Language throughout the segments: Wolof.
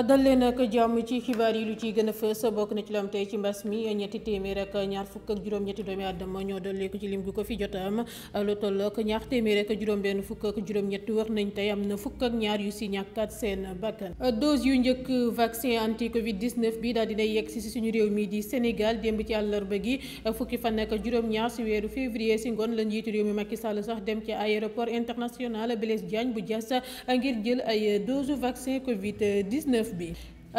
dal leen ak jàmm ci xibaar yi lu ciy gën a fës bokk na ci lu am tey ci mbas mi ñetti téeméer ak ñaar fukk ak juróom-ñetti doomi àddama ñoo dolleeku ci lim gi ko fi jot am lu toll ñaar téeméer ak juróom-benn fukk ak tey am na fukk ak ñaar yu si ñàkkat seen bakkan dose yu njëkk vaccin anti covid bi daal dinay yegg si suñu réew mi di Sénégal démb ci àllarba gi fukki fan ak juróom-ñaar si weeru février si ngoon la njiitu réew mi Macky ci aéroport 2019 bi.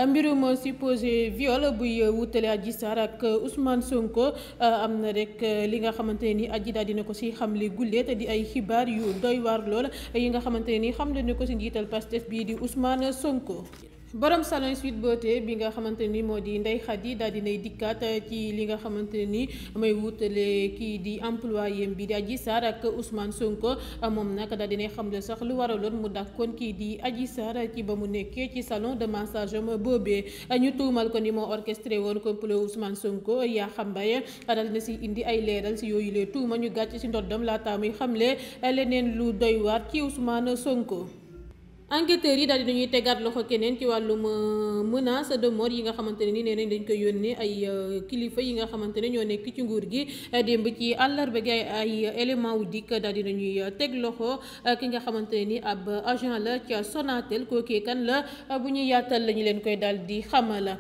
mbirum supposé viol buy wutale Adji Sarr ak Ousmane Sonko euh, am na rek euh, li nga xamante ne ni Adji daal na ko si xamle gulleet di ay xibaar yu doy waar lool yi nga xamante ne ni xam na ko si njiital Pastef bii di Ousmane Sonko. borom salon Sweet Beauté bi nga xamante ni moo di Ndeye Khady daal dinay dikkaat ci li nga xamante ni may wutale kii di employé bi di Adji Sarr ak Ousmane Sonko moom nag daal dinay xam ne sax lu waraloon mu dàkkoon kii di aji Sarr ci ba mu nekkee ci salon de massage am boobee ñu tuumal ko ni moo orchestré woon complot Ousmane Sonko yaa xam bay daal dina si indi ay leeral si yooyu lee tuuma ñu gàcc si ndoddam laata muy xamle leneen lu doy waar ci Ousmane Sonko. enquêteurs yi daal di nañuy tegaat loxo keneen ci wàllum euh, menace de mort yi nga xamante ne ni nee nañ dañ koy yónnee ay euh, kilifa yi nga xamante ne ñoo nekk ci nguur gi démb ci àllarba gi ay élément wu dikk daal di nañuy euh, teg loxo ki nga xamante ne ni ab agent la ca Sonatel kan la bu ñuy yaatal la leen koy daal di xamala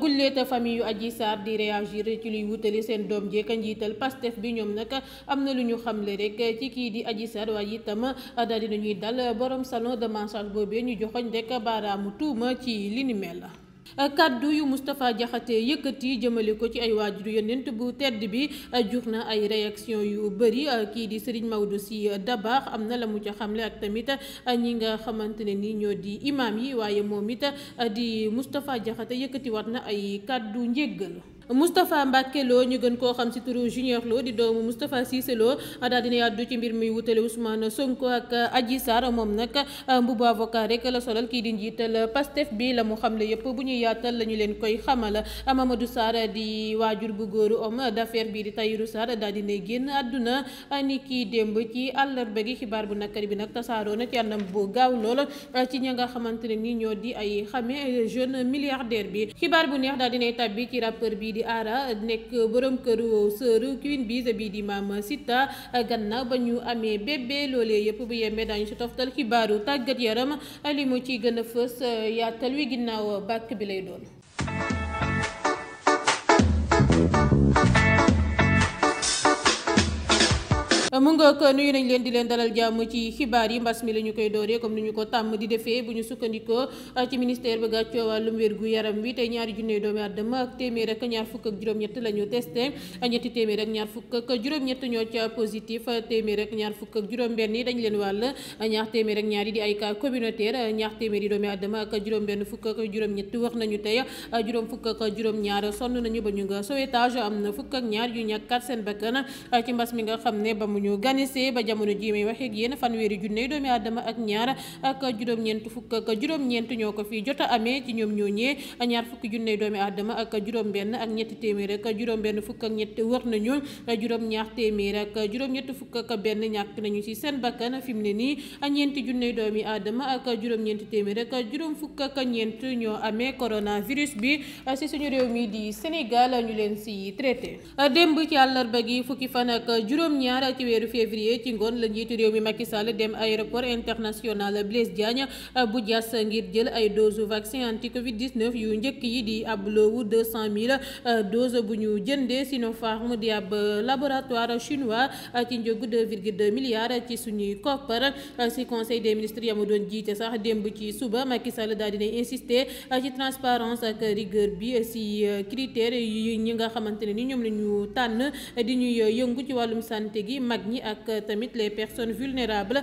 gulleeta famille yu Adji Sarr di réagir ci luy wutali seen doom jeeka njiital Pastef bi ñoom nag am na lu ñu xamle rek ci kii di Adji Sarr waaye itam daal di nañuy dal borom salon de massage boobee ñu joxoñ rek baaraamu tuuma ci li la kàddu yu Moustapha Diakhaté yëkkati jëmale ko ci ay waajuru yonent bu tedd bi jur na ay réaction yu bëri kii di Serigne Maodo Sy dabaax am na la mu ca xamle ak tamit ñi nga xamante ne ni ñoo di imaam yi waaye moom it di Moustapha Diakhaté yëkkati wat na ay kàddu njéggal Moustapha Mbacke Lo ñu gën koo xam ci turu Junior Lo di doomu Moustapha Cissé Lo daal dina yàddu ci mbir mi wutale Ousmane Sonko ak Adji Sarr moom nag euh, mbubu avocat rek la solal kii di njiital Pastef bi la mu xamle yëpp bu ñuy yaatal la ñu leen koy xamal Mamadou Sarr di waajur bu góor homme d'affaires bii di Tahirou Sarr daal dina génn àdduna ni kii démb ci àllarba gi xibaar bu nakari bi nag tasaaroo na ci anam bu gaaw lool ci ña nga xamante ni ñoo di ay xame di aara nekk borom këru sœur Queen Biz bii di Mame Sita gannaaw ba ñu amee bébé loolee yëpp bu yemee daañu ci toftal xibaaru tàggat yaram li mu ci gën a fës yaatal wi ginnaaw bàkk bi lay doon mu nga ko nuyu nañ leen di leen dalal jàmm ci xibaar yi mbas mi la koy dooree comme ni ko tàmm di defee bu ñu sukkandikoo ci ministère ba a wàllum wér gu yaram bi ñaar fukk ak juróom-ñett la ñu testé ñetti téeméer ak ñaar fukk ak juróom-ñett ñoo fukk ak juróom-benn yi dañ leen wàll ñaar téeméer ak ñaar di ay cas communautaire ñaar téeméer yi doomi àddama ak juróom-benn fukk ak juróom-ñett wax nañu tey juróom fukk ak juróom-ñaar sonn nañu ba ñu nga sowetage am na fukk ak ñaar yu ñàkkaat seen bakkan ci mbas mi nga xam ne ba mu ñu ganise ba jamono ji may waxeeg yéen fanweeri junney doomi aadama ak ñaar ak juróom-ñeent fukk ak juróom-ñeent ñoo ko fi jot a amee ci ñoom ñoo ñee ñaar fukki junney doomi aadama ak juróom-benn téeméer ak juróom fukk ak benn ñàkk nañu ci seen bakkan fi mu ne nii ñeenti junney doomi aadama ak juróom-ñeenti téeméer ak juróom fukk ak ñeent ñoo amee coronavirus bi ci suñu réew mi di Sénégal ñu leen ci traité démb ci àllarba gi fukki fan ak juróom-ñaar ci weeru février ci ngoon la njiitu réew mi Macky Sall dem aéroport international Blaise Diagne bu Diass ngir jël ay dose vaccin anti Covid 19 yu njëkk yi di ab loowu 200 000 dose bu ñu jëndee Sinopharm di ab laboratoire chinois ci njëgu 2,2 milliards ci suñuy koppar si conseil des ministre ya doon jiite sax démb ci suba Macky Sall daal dina insister ci transparence ak rigueur bi si critères yi ñi nga xamante ne ni ñoom lañu ñu tànn di ñuy yëngu ci wàllum santé gi mag ñi ak tamit les personnes vulnérables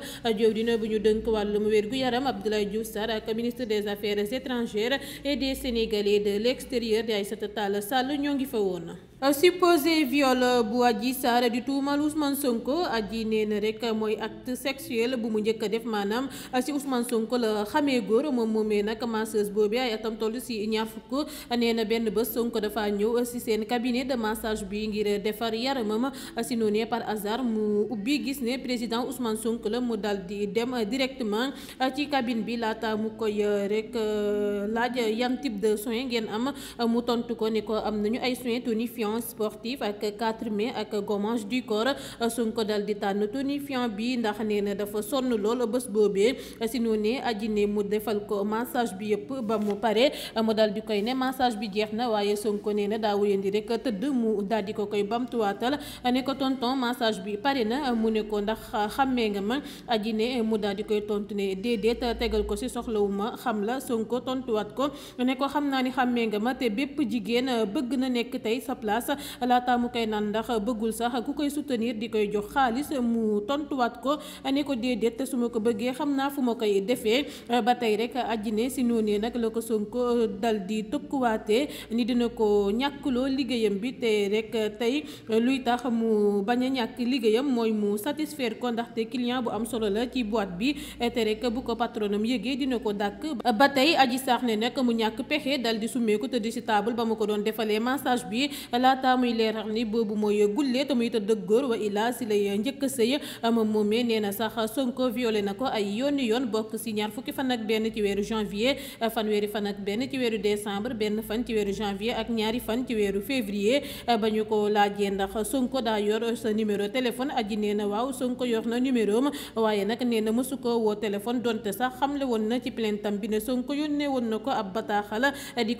dina bu ñu dënk wàllum wér-gu-yaram Abdoulaye Diouf Sarr ak ministre des affaires étrangères et des Sénégalais de l'extérieur di Aïssata Tall Sall ñoo ngi fa woon supposé viol bu Adji Sarr di tuumal Ousmane Sonko Adji nee na rek mooy acte sexuel bu mu njëkk a def maanaam si Ousmane Sonko la xamee góor moom moomee nag masseuse boobee ay atam toll si ñaar fukk nee na benn bés Sonko dafa ñëw si seen cabinet de massage bi ngir defar yaramam si noonee par hasard mu ubbi gis ne président Ousmane sonk la mu dal di dem directement ci cabine bi laata mu koy euh, rek euh, laaj yan type de soin ngeen am mu tontu ko ne ko am nañu ay soins tonifiants violence sportive ak 4 mai ak gommage du corps Sonko dal di tànn tonifiant bi ndax nee na dafa sonn lool bés boobee si noonee aji mu defal ko massage bi yëpp ba mu pare mu dal di koy ne massage bi jeex na waaye Sonko nee na daa wéyandi rek tëdd mu daal di ko koy bamtuwaatal ne ko tonton massage bi pare na mu ne ko ndax xàmmee nga ma aji mu daal di koy tontu ne déedéet tegal ko si soxlawuma xam la Sonko tontuwaat ko ne ko xam naa ni xàmmee nga ma te bépp jigéen bëgg na nekk tey sa place Seras laata mu koy naan ndax bëggul sax ku koy soutenir di koy jox xaalis mu tontuwaat ko ne ko déedéet su ma ko bëggee xam naa fu ma koy defee ba tey rek àjjine si noonee nag la ko Sonko dal di tëkkuwaatee ni dina ko ñàkkloo liggéeyam bi te rek tey luy tax mu bañ a ñàkk liggéeyam mooy mu satisfaire ko ndaxte client bu am solo la ci boîte bi te rek bu ko patronam yëgee dina ko dàkk ba tey aji sax ne nag mu ñàkk pexe dal di summeeku tëdd si table ba mu ko doon defalee massage bi la laata muy leeral ni boobu mooy gulle te muy tëdd góor wa ila si lay njëkk a sëy moomee nee na sax Sonko violé na ko ay yooni yoon bokk si ñaar fukki fan ak benn ci weeru janvier fanweeri fan ak benn ci weeru décembre benn fan ci weeru janvier ak ñaari fan ci weeru février ba ñu ko laajee ndax Sonko daa yor sa numéro téléphone aji nee na waaw Sonko yor na numéro ma waaye nag nee na mësu ko woo téléphone donte sax xamle woon na ci plaintam bi ne Sonko yónnee ko ab bataaxal di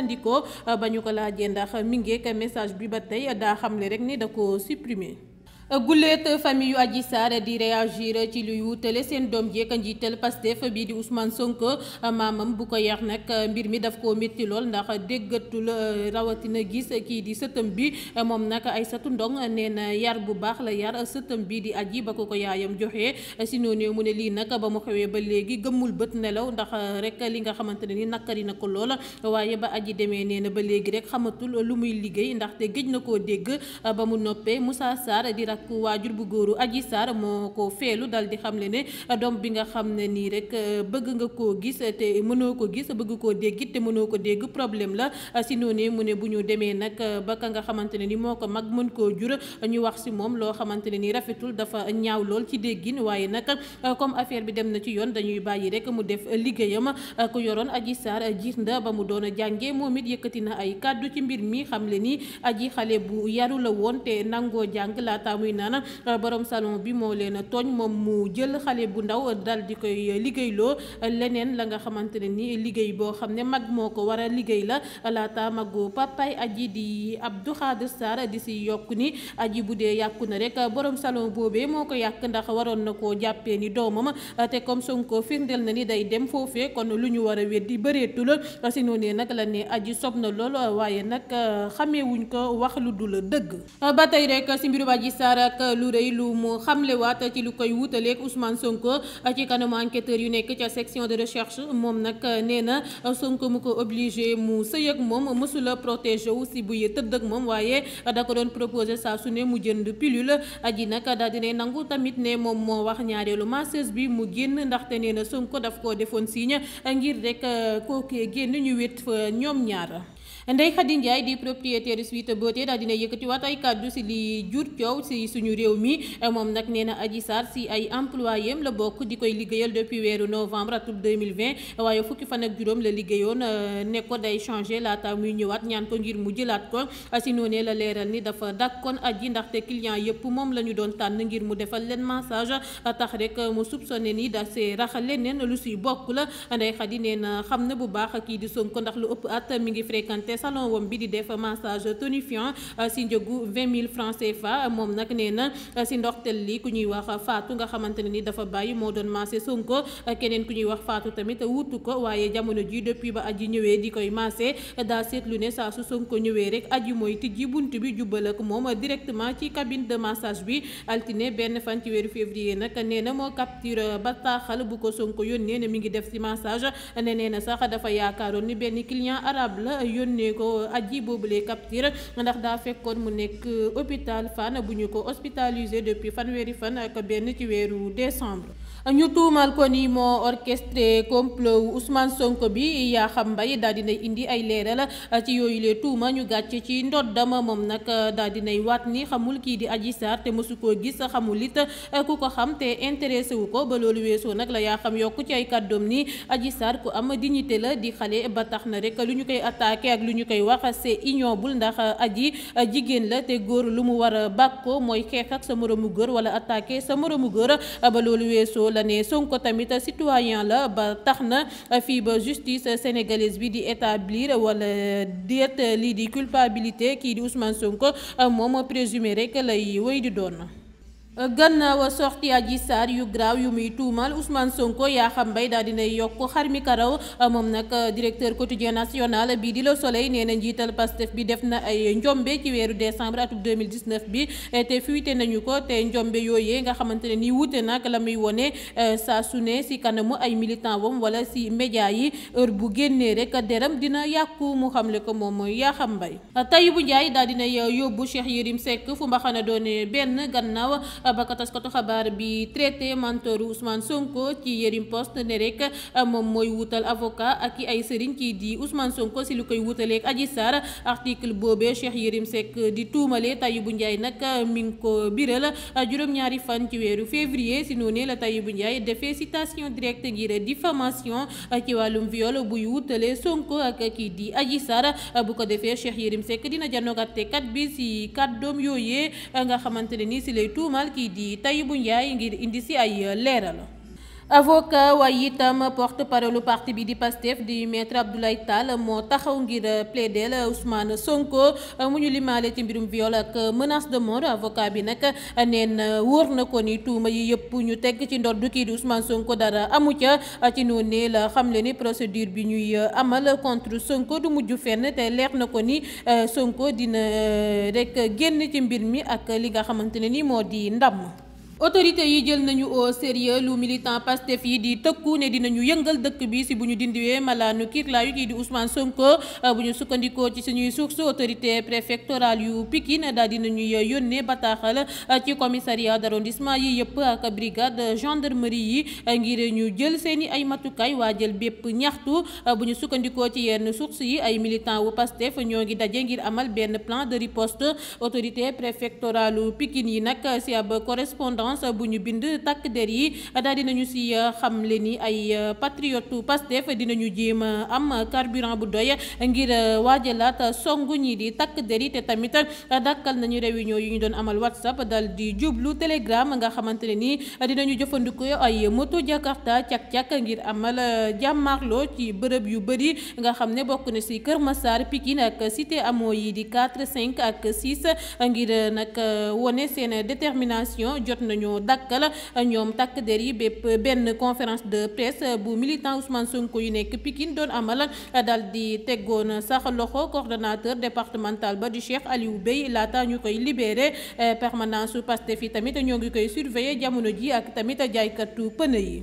jëfandikoo euh, ba ñu ko laajee ndax mi ngeek message bi ba tey daa xam xamle rek ni da ko supprimer guléet famille yu Adji Sarr di réagir ci luy wutale seen doom jeek njiital Pastef bii di Ousmane Sonko maamam bu ko yar nag mbir mi daf koo métti lool ndax déggatul euh, rawatina gis kii di sëtam bi moom nag Aïssatou Ndong nee na yar bu baax la yar sëtam bi di Adji ba ko ko yaayam joxee si noonu mu ne lii nag ba mu xewee ba léegi gëmmul bët nelaw ndax rek li nga xamante ne ni nakkari na ko lool waaye ba Adji demee nee na ba léegi rek xamatul lu muy liggéey ndaxte géej na koo dégg ba mu noppee musaa Sarr di takku waajur bu góoru Adji saar moo ko feelu dal di xamle ne doom bi nga xam ne nii rek euh, bëgg nga koo gis te mënoo ko gis bëgg koo dégg te mënoo ko dégg problème la euh, si noonu mu ne bu ñu demee nag euh, ba ka nga xamante ne ni moo ko mag mën koo jur ñu wax si moom loo xamante ne ni rafetul dafa ñaaw lool ci déggin waaye nag comme affaire bi dem na ci yoon dañuy bàyyi rek mu def liggéeyam ko yoroon Adji Sarr jiir nda ba mu doon a jàngee moom it yëkkati na ay kàddu ci mbir mi xamle ni wi naan euh, borom salon bi moo leen tooñ moom mu jël xale bu ndaw euh, dal di koy euh, liggéeyloo leneen la nga xamante ne ni liggéey boo xam ne mag moo ko war a liggéey la laata magu papay aji di Abdou Khadir Sarr di si yokk ni aji bu dee yàkku na rek borom salon boobee moo ko yàq ndax waroon na koo jàppe ni doomam te comme Sonko firndeel na ni day dem foofee kon lu ñu war a weddi bëreetul si noonee nag la ne aji sob na lool waaye nag xamee wuñ ko wax lu dul dëgg ba nag lu rëy lu mu xamlewaat ci lu koy wutaleeg Ousmane Sonko ci kanamu enquêteur yu nekk ca section de recherche moom nag nee na Sonko mu ko obligé mu sëy ak moom mësula protégé wu si buy tëdd ak moom waaye da ko doon proposé saa su ne mu jënd pilule aji nag daal dinay nangu tamit ne moom moo wax ñaareelu masseuse bi mu génn ndaxte nee na Sonko daf koo defoon signe ngir rek kookee génn ñu wét fa ñoom ñaara Ndeye Khady Ndiaye di propriétaire Sweet Beauté daal dina yëkkatiwaat ay kàddu si li jur coow si suñu réew mi moom nag nee na Adji Sarr si ay employé am la bokk di koy liggéeyal depuis weeru novembre atum 2020 waaye fukki fan ak juróom la liggéeyoon ne ko day changé laata muy ñëwaat ñaan ko ngir mu jëlaat ko si noonee la leeral ni dafa dakkoon Adji ndaxte client yëpp moom la ñu doon tànn ngir mu defal leen massage tax rek mu soupçonné ni da see raxal leneen lu si bokk la Ndeye Khady nee na xam na bu baax ak kii di Sonko ndax lu ëpp at mi ngi fréquenté te salon wam bi di def massage tonifiant euh, si njëgu 20 000 francs CFA moom nag nee na euh, si ndoxtel li ku ñuy wax Fatou nga xamante ne ni dafa bàyyi moo doon massé Sonko euh, keneen ku ñuy wax Fatou tamit wutu ko waaye jamono ji depuis ba aji ñëwee di koy massé daa seetlu ne saa su Sonko ñëwee rek aji mooy tijji bunt bi jubbal ak moom directement ci cabine de massage bi altine benn fan ci weeru février nag nee na moo capture bataaxal bu ko Sonko yónnee ne mi ngi def si massage ne nee yónnee ko aji boobule capture ndax daa fekkoon mu nekk hôpital Fann bu ñu ko hospitalisé depuis fanweeri fan ak benn ci weeru décembre ñu tuumal ko ni moo orchestré complot wu Ousmane Sonko bi xam mbay daal dinay indi ay leeral ci yooyu lee tuuma ñu gàcce ci dama moom nag daal dinay waat ni xamul kii di aji Sarr te mësu koo gis xamul it ku ko xam te intéressé wu ko ba loolu weesoo nag la yaa xam yokk ci ay kàddoom ni Adji Sarr ku di dignité la di xale ba tax na rek lu ñu koy attaqué ak lu ñu koy wax c'est bul ndax Adji jigéen la te góor lu mu war a bàkkoo mooy xeex ak sa moroomu góor wala attaqué sa moroomu góor ba loolu weesoo la ne Sonko tamit citoyen la ba tax na fii ba justice sénégalaise bi di établir wala déet lii di culpabilité kii di Ousmane Sonko moom présumé rek lay wéy di doon. gannaaw sorti Adji Sarr yu graaw yu muy tuumal Ousmane Sonko Yakham Mbaye daal dinay yokk xar mi karaw moom nag euh, directeur quotidien national bii di Le Soleil nee na njiital Pastef bi def na ay njombe ci weeru décembre atum 2019 bi te fuite nañu ko te njombe yooyee nga xamante ne nii wuute nag la muy wone euh, saa su ne si kanamu ay militant wam wala si média yi heure bu génnee rek deram dina yàqu mu xamle ko moom mooy Yakham Mbaye Tahibou Ndiaye daal dinay yóbbu Cheikh ba taskatu xabaar bi traité mentoru Ousmane Sonko ci Yerim Post ne rek ah, moom mooy wutal avocat ak i ay sëriñ kii di Ousmane Sonko si lu koy wutaleeg Adji Sarr article boobee Cheikh Yerim Seck di tuumale Tayibou Ndiaye nag ah, mi ngi ko ah, juróom-ñaari fan ci weeru février si noonu la bu Ndiaye defee citation directe ngir diffamation ci wàllum viol buy wutale Sonko ak kii di Adji Sarr bu ko defee Cheikh Yerim Seck dina janoog àttekat bi si kàddoom yooyee nga xamante ni si lay tuumal. kii di Tahibou Ndiaye ngir indi si ay euh, la avocat waaye itam porte parole lu bi di Pastef di maître Abdoulaye Tall moo taxaw ngir plaider Ousmane Sonko mu ñu limaale ci mbirum viol ak menace de mort avocat bi nag neen wóor na ko ni tuuma yi yëpp ñu teg ci du kii di Ousmane Sonko dara amu ca ci noonu la xam le ni procédure bi ñuy amal contre Sonko du mujj fenn te leer na ko ni euh, Sonko dina euh, rek génn ci mbir mi ak li nga xamante ne ni moo di ndam. autorité yi jël nañu o sérieux lu militant Pastef yi di tëkku ne dinañu yëngal dëkk bi si bu ñu dindiwee malaanu kiirlaayu kii di Ousmane Sonko euh, bu ñu sukkandikoo ci suñuy source autorité préfectorale yu Pikine daal dinañuy yónnee bataaxal euh, ci commissariat d'arrondissement yi yëpp ak brigade gendarmerie yi euh, ngir ñu jël seeni ay matukaay waa jël bépp ñaxtu bu ñu sukkandikoo ci yenn source yi ay militant wu Pastef ñoo ngi daje ngir amal benn plan de riposte autorité préfectorale yu yi nag si ab correspondant ordonnance bu ñu bind takk der yi daal dinañu si euh, xam le ni ay euh, patriote Pastef dinañu jéem am carburant bu doy ngir euh, waajalaat song ñi di takk der yi te tamit dakkal nañu réunion yu ñu doon amal WhatsApp dal di jublu Telegram nga xamante ne ni dinañu jëfandikoo ay moto Jakarta cak-cak ngir amal jàmmaarloo ci bërëb yu bëri nga xam ne bokk na si Kër Massar Pikine ak cité amoo yi di 4 5 ak 6 ngir nag wone seen détermination jot nañu dakk la ñoom takk der yi bépp benn conférence de presse bu militant Ousmane Sonko yu nekk Pikine doon amal dal di teggoon sax loxo coordonnateur départemental ba di ali wu Bey laata ñu koy libéré eh, permanence su Pastef yi tamit ñoo ngi koy surveiller jamono ji ak tamit jaaykatu pëne yi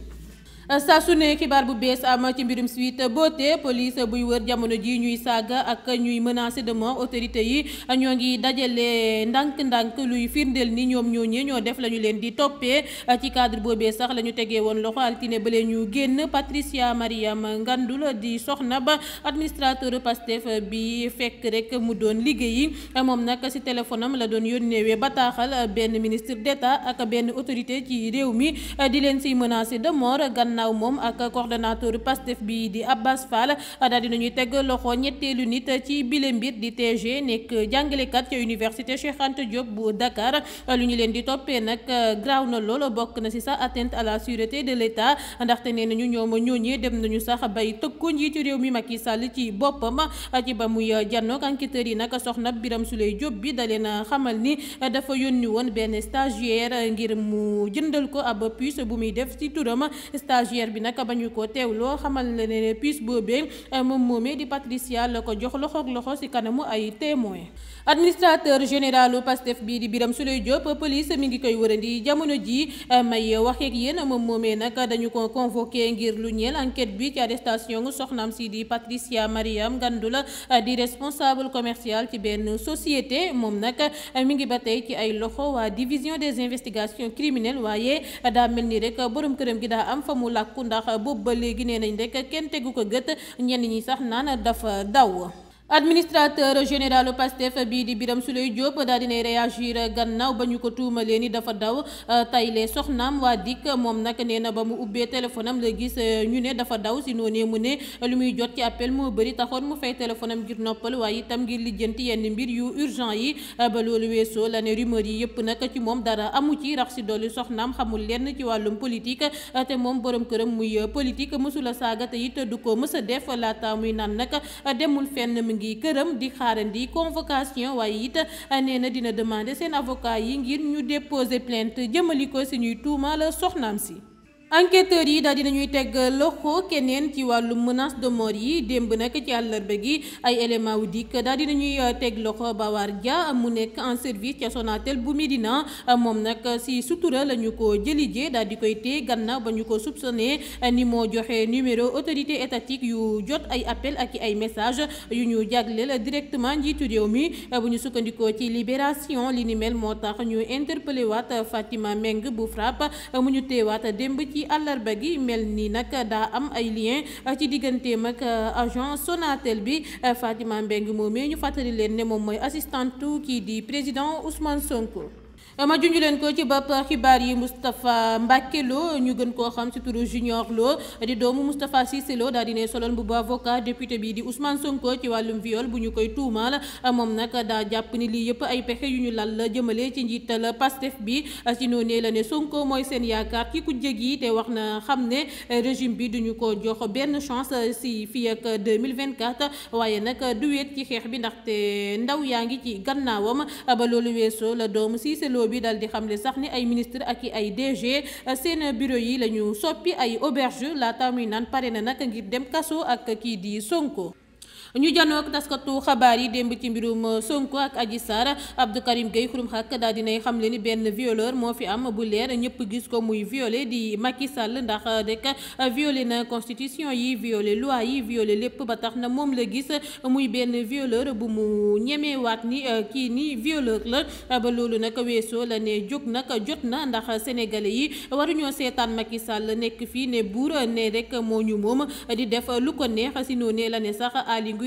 saa su ne xibaar bu bees am ci mbirum Sweet Beauté police buy wër jamono ji ñuy saaga ak ñuy menacer de mort autorité yi ñoo ngi dajale ndànk-ndànk luy firndeel ni ñoom ñooñee ñoo def la leen di toppee ci cadre boobee sax la ñu tegee woon loxo altine ba leen ñu génn Patricia Mariam Ngandul di soxna ba administrateur Pastef bi fekk rek mu doon liggéeyi moom nag si téléphone am la doon yónneewee bataaxal benn ministre d'État ak benn autorité ci réew mi di leen siy menacer de gan gannaaw moom ak coordonnateur Pastef bi di Abbas Fall daal di nañuy teg loxo ñetteelu nit ci bile mbir di TG nekk jàngalekat ca université Cheikh Anta Diop bu Dakar lu ñu leen di toppee nag graaw na lool bokk na ci sax atteinte à la sûreté de l'État ndaxte nee nañu ñoom ñooñee dem nañu sax bay tëkku njiitu réew mi mag Macky Sall ci boppam ci ba muy jànnoog enquêteurs yi nag soxna Biram Souleye Diop bi da na xamal ni dafa yónni woon benn stagiaire ngir mu jëndal ko ab puce bu muy def ci turam stage stagiaire bi nag ba koo teew loo xamal na ne puce boobee euh, moom moomee di Patricia la ko jox loxoog loxo ci kanamu ay témoin administrateur généralu pastef bii di Birame Souleye Diop police mi ngi koy di jamono ji eh, may wax ak yéen moom moomee nag dañu ko convoqué ngir lu ñeel enquête bi ci arrestation soxnaam si di Patricia Mariam Gandoula eh, di responsable commercial ci benn société moom nag eh, mi ngi ba tey ci ay loxo waa division des investigations criminelles waaye daa mel ni rek borom këram gi daa am fa mu làkku ndax boobu ba léegi nee nañ rek kenn tegu ko gët ñenn ñi sax naan dafa daw administrateur général Pastef bii di biram Birame Souleye Diop daal dinay réagir gannaaw ba ñu ko tuumalee ni dafa daw euh, tayle soxnaam waa dikk moom nag nee na ba mu ubbee téléphone am la gis euh, ñu ne dafa daw si noonee mu ne lu muy jot ci appel moo bëri taxoon mu fay téléphone am ngir noppal waaye itam ngir lijjanti yenn mbir yu urgent yi euh, ba loolu weesoo la ne rumeur yi yëpp nag ci moom dara amu ci rax si dolli soxnaam xamul lenn ci wàllum politique te moom borom këram muy politique mësula saaga te it du ko mës a def muy naan nag ngi këram di di convocation waaye it eh, nee na dina demander seen avocat yi ngir ñu déposer plainte jëmali ko si ñuy tuumaal soxnaam si. enquêteurs yi daal nañuy teg loxo keneen ci wàllu menace de mort yi démb nak ci àllarba gi ay élément wu dikk daal dinañuy teg loxo Bawar ja mu nekk en service ca Sonatel bu Médina moom nag si sutura lañu ñu ko jëlijee daal di koy téye gannaaw ba ñu ko soupçonné ni moo joxe numéro autorité étatique yu jot ay appel ak ay message yu ñu jagleel directement njiitu réew mi bu ñu sukkandikoo ci libération li ni mel moo tax ñu interpellé waat Fatima Meng bu ci àllarba gi mel ni nag daa am ay lien euh, ci digganteem ak euh, agent Sonatel bi euh, Fatima moom moomee ñu fàttali leen ne moom mooy assistante kii di président Ousmane Sonko. ma junj leen ko ci bopp xibaar yi Moustapha Mbacké Lo ñu gën koo xam ci turu Junior Lo di doomu Moustapha Cissé Lo daal di ne bu ba avocat député bi di Ousmane Sonko ci wàllum viol bu ñu koy tuumaal moom nag daa jàpp ni lii yëpp ay pexe yu ñu lal la jëmale ci njiital Pastef bi si noonee la ne Sonko mooy seen yaakaar ki ku yi te wax na xam ne régime bi duñu ko jox benn chance si fii ak 2024 waaye nag du weet ci xeex bi ndax ndaxte ndaw yaa ngi ci gannaawam ba loolu weesoo la doomu bi dal di xamle sax ni ay ministre ak i ay DG euh, seen bureau yi la ñu soppi ay auberge laata muy naan pare na nag ngir dem kaso ak kii di Sonko. ñu janook taskatu xabaar yi démb ci mbirum Sonko ak Adji Sarr Abdou Karim Gueye xurum xàkk daal dinay xam le ni benn violeur moo fi am bu leer ñëpp gis ko muy viole di Macky Sall ndax rek violé na constitution yi violé loi yi violé lépp ba tax na moom la gis muy benn violeur bu mu ñemewaat ni euh, kii ni violeur la ba loolu nag weesoo la ne jóg nag jot na ndax sénégalais yi waruñoo seetaan Macky Sall nekk fii ne buur ne rek moo ñu moom di def lu ko neex si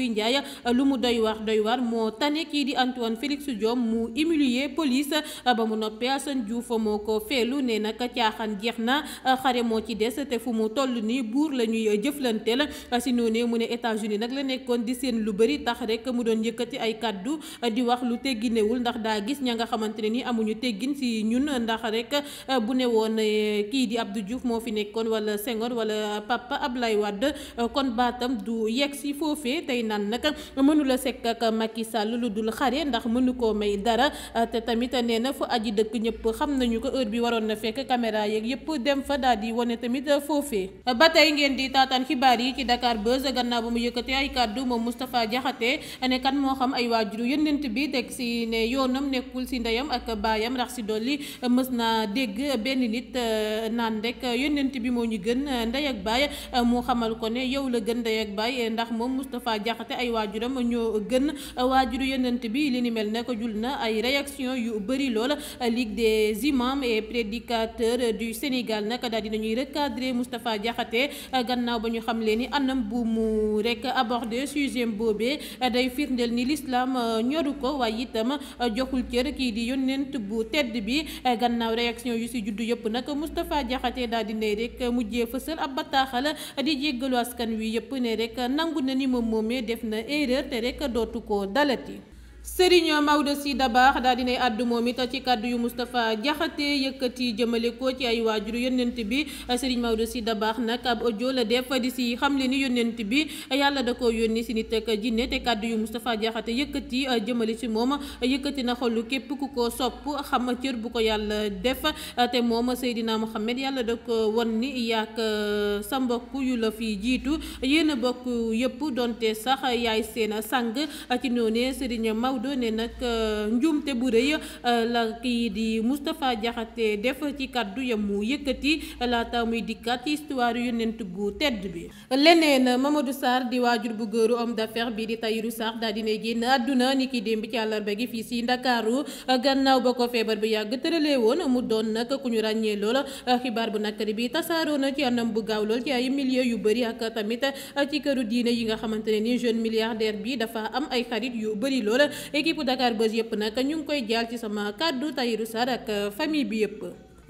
Guy Ndiaye lu mu doy waar doy waar moo tane kii di Antoine Félix Diome mu humilier police ba mu noppee Assane Diouf moo ko feelu ne nag caaxaan jeex na xare moo ci des te fu mu toll nii buur la ñuy jëflanteel si noonee mu ne États-Unis nag la nekkoon di seen lu bëri tax rek mu doon yëkkati ay kaddu di wax lu tegginewul ndax daa gis ña nga xamante ne ni amuñu teggin si ñun ndax rek bu ne woon eh, kii di Abdou Diouf moo fi nekkoon wala Senghor wala Papa tey naan nag mënula sekk ak Macky Sall lu dul xare ndax mënu koo may dara te tamit nee na fu aji dëkk ñëpp xam nañu ko heure bi waroon na fekk caméra yeeg yëpp dem fa daal di tamit foofee ba tey ngeen di taataan xibaar yi ci Dakar Buzz gannaaw ba mu yëkkatee ay du moom Moustapha Diakhaté ne kat moo xam ay waajuru yónnent bi teg si ne yoonam nekkul si ndeyam ak baayam rax si dolli mës naa dégg benn nit euh, naan rek yónnent bi moo ñu gën ndey ak baay euh, mu xamal ko la gën jaxate ay waajuram ñoo gën waajuru yenant bi li ni mel nag jul na ay réaction yu bëri lool ligue des imams et prédicateurs du Sénégal nag daal dinañuy recadrer Moustapha Diakhaté gannaaw ba ñu xam leen ni anam bu mu rek aborder sujet boobee day firndeel ni l'islam ñoru ko waaye itam joxul cër kii di yonent bu tedd bi gannaaw réaction yu si juddu yëpp nag Moustapha Diakhaté daal dinay rek mujjee fësal ab bataaxal di jéggalu askan wi yëpp ne rek nangu na ni moom moomee def na erreur te rek dootu ko yi Sëriñ Maodo da Dabakh daal dinay àddu moom it ci kaddu yu Moustapha Diakhaté yëkkati jëmale ko ci ay waajuru yónnent bi Sëriñ Maodo Sy baax nag ab audio la def di si xamle ni yónnent bi yàlla da koo yónni si nit ak jinne te kàddu yu Moustapha Diakhaté yëkkati euh, jëmale si moom yëkkati na xolu képp ku ko sopp xam cër bu ko yàlla def te moom Seydina Mohamed yàlla da ko won ni yaak euh, sa mbokk yu la fi jiitu yéen a bokk yëpp donte sax yaay seen sang ci Daouda ne nag euh, njuumte bu rëy euh, la kii di mustafa Diakhaté def ci kàddu ya mu yëkkati laata muy dikkat ci histoire yonent bu tedd bi leneen Mamadou Sarr di waajur bu góoru homme d'affaires bi di Tahirou Sarr di dinay génn àdduna ni ki démb ci àllarba gi fii si Ndakaaru gannaaw ba ko feebar bi yàgg tëralee woon mu doon nag ku ñu ràññee loola xibaar bu nakari bi tasaaroo na ci anam bu gaaw lool ci ay milieu yu bëri ak tamit ci këru diine yi nga xamante ne ni jeune milliardaire bi dafa am ay xarit yu bëri loola équipe Dakar Buzz yëpp nag ñu ngi koy jaal ci sama kàddu Tahirou Sarr famille bi yëpp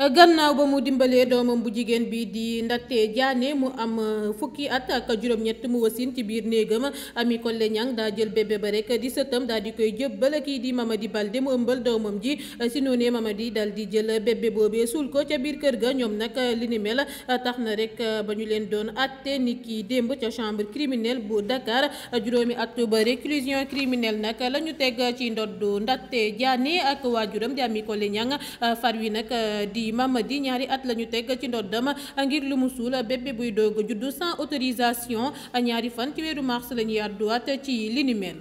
gannaaw ba mu dimbalee doomam bu jigéen bi di Ndaté jaane mu am uh, fukki at ak juróom-ñett mu wasin ci biir néegam Ami Collé Niang daa jël bébé ba rek di sëtam daa di koy jébbal kii di Mamady Balde mu ëmbal doomam ji uh, si noonee Mamady dal di jël bébé boobee suul ko ca biir kër ga ñoom nag uh, li ni mel tax na rek ba ñu leen doon atte ni kii démb ca chambre criminelle bu Dakar juróomi at ba réclusion criminelle nag la ñu teg ci ndoddu Ndaté Diané ak waajuram di Ami Collé far wi nag di. yi Mamadi ñaari at la ñu teg ci ndoddam ngir lu mu suul bébé buy doog juddu sans autorisation ñaari fan ci weeru mars la ñuy àdduwaat ci li ni mel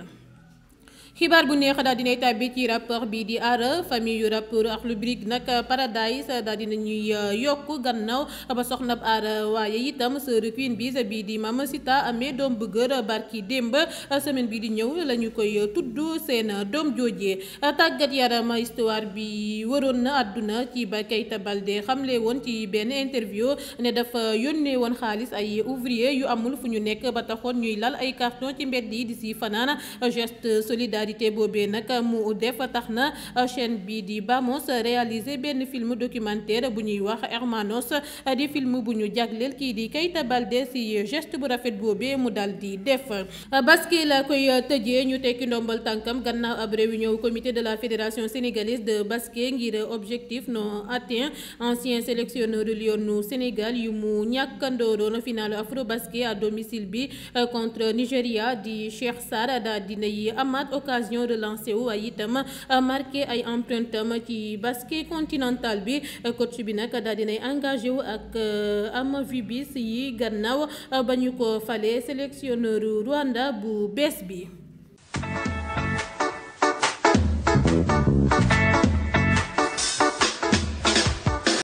xibaar bu neex daal dinay tàbbi ci rapport bii di aar famille yu rapport ak lu brique nag paradise daal dina ñuy euh, yokk gannaaw ba soxna aar waaye itam sœur queen bi sa bii di Mame Sita amee doom bu gër barki démb semaine bii di ñëw la ñu koy euh, tudd seen doom joojee tàggat yaram histoire bi waroon na àdduna ci ba Keita Baldé xamle woon ci benn interview ne dafa yónnee woon xaalis ay ouvrier yu amul fu ñu nekk ba taxoon ñuy lal ay carton ci mbedd yi solidarité boobee nag mu def tax na euh, chaîne bi di Bamos réalisé benn film documentaire bu ñuy wax Hermanos euh, di film bu ñu jagleel kii di Keita Baldé si geste bu rafet boobee mu dal di def euh, baski la koy tëjee ñu tekki ndombal tànkam gannaaw ab réunion comité de la fédération sénégalaise de basket ngir objectif non atteint ancien sélectionneur Lionu Sénégal yu mu ñàkkandooroon final afro basket à domicile bi contre Nigéria di Cheikh Sarr daal dinay amaat occasion de lancer wu ay itam euh, marqué ay empreinte am euh, ci basket continental bi euh, coach bi nag daal dinay engagé wu ak Amavibis yi gannaaw ba ñu ko fale sélectionneur Rwanda bu bees bi.